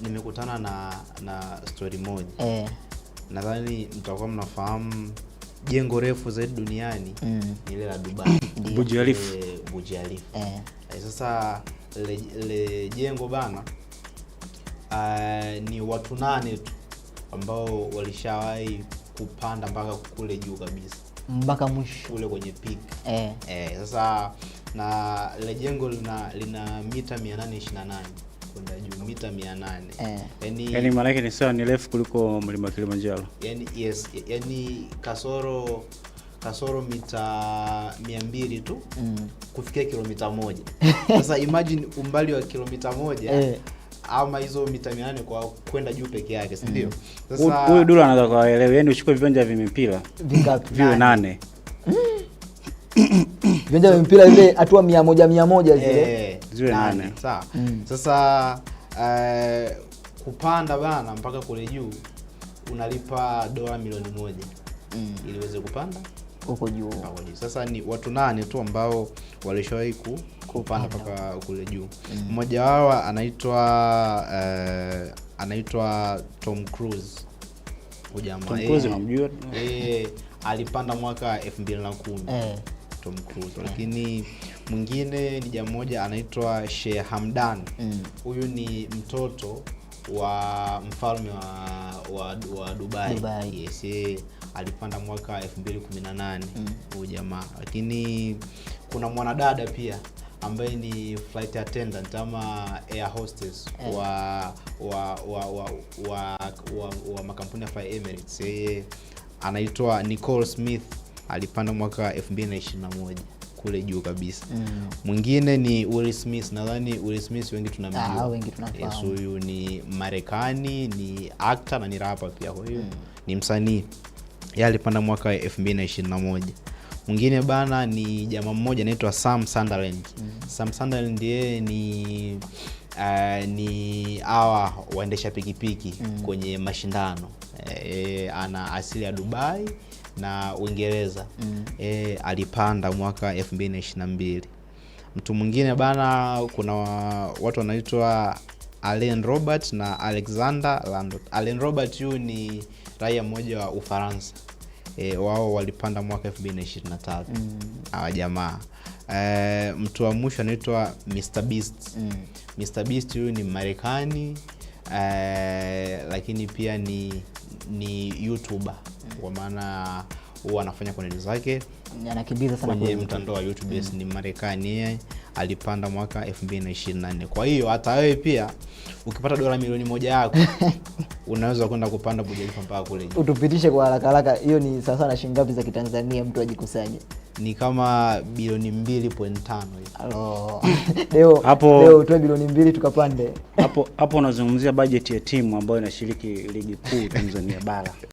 nimekutana na na stori moja eh. Nadhani mtakuwa mnafahamu jengo refu zaidi duniani mm. ni ile la Dubai Burj eh, eh. eh. Sasa le, le jengo bana uh, ni watu nane tu ambao walishawahi kupanda mpaka kule juu kabisa mpaka mwisho kule kwenye peak eh. Eh, sasa na le jengo lina, lina mita 828 kwenda juu mita 800. Eh. Yaani yaani maana yake ni sawa ni refu kuliko mlima Kilimanjaro. Yaani yes, yaani kasoro kasoro mita 200 tu mm. kufikia kilomita moja. Sasa imagine umbali wa kilomita moja eh ama hizo mita 800 kwa kwenda juu peke yake, si ndio? Mm. Sasa huyu Dula anaweza kuelewa. Yaani uchukue viwanja vya mipira vingapi? viwe nane viwanja vya mpira vile hatua mia moja mia moja zile eh, nane. Sawa. Mm. Sasa uh, kupanda bana mpaka kule juu unalipa dola milioni moja mm. ili uweze kupanda huko juu. Sasa ni watu nane tu ambao walishawahi kupanda mpaka kule juu. Mm. Mmoja mm. wao anaitwa uh, anaitwa Tom Cruise. Ujamaa. Tom Cruise namjua Eh, alipanda mwaka 2010. Eh. Tom Cruise mm. Lakini mwingine ni jamaa mmoja anaitwa Sheikh Hamdan mm. huyu mm. ni mtoto wa mfalme wa, wa, wa Dubai, Dubai. Yes, ye, alipanda mwaka 2018 mm. huyu mm. jamaa, lakini kuna mwanadada pia ambaye ni flight attendant ama air hostess yeah. wa, wa, wa, wa, wa, wa, wa makampuni ya Emirates yeye anaitwa Nicole Smith alipanda mwaka 2021 kule juu kabisa. Mm. Mwingine mm. ni Will Smith. Nadhani Will Smith wengi tunamjua, ah, wengi Huyu ni Marekani, ni actor na ni rapper pia, kwa hiyo mm. ni msanii. Yeye alipanda mwaka 2021. Mwingine bana ni jamaa mmoja anaitwa Sam Sunderland. Mm. Sam Sunderland yeye ni uh, ni hawa waendesha pikipiki mm. kwenye mashindano e, ana asili ya Dubai na Uingereza mm. e, alipanda mwaka 2022. Mtu mwingine bana, kuna watu wanaitwa Alain Robert na Alexander Landot. Alain Robert huyu ni raia mmoja wa Ufaransa e, wao walipanda mwaka 2023 mm. awa jamaa e, mtu wa mwisho anaitwa mm. huyu ni Marekani e, lakini pia ni ni YouTuber mm. kwa maana huwa anafanya content zake kwenye mtandao wa YouTube mm. ni Marekani yeye alipanda mwaka 224 Kwa hiyo hata wewe pia ukipata dola milioni moja yako unaweza kwenda kupanda Bujalifa mpaka kule juu. Utupitishe kwa haraka haraka, hiyo ni sawa sawa na shilingi ngapi za Kitanzania mtu ajikusanye? Ni kama bilioni mbili point tano hivi hapo, utoe bilioni mbili tukapande hapo hapo. Unazungumzia bajeti ya timu ambayo inashiriki ligi kuu Tanzania bara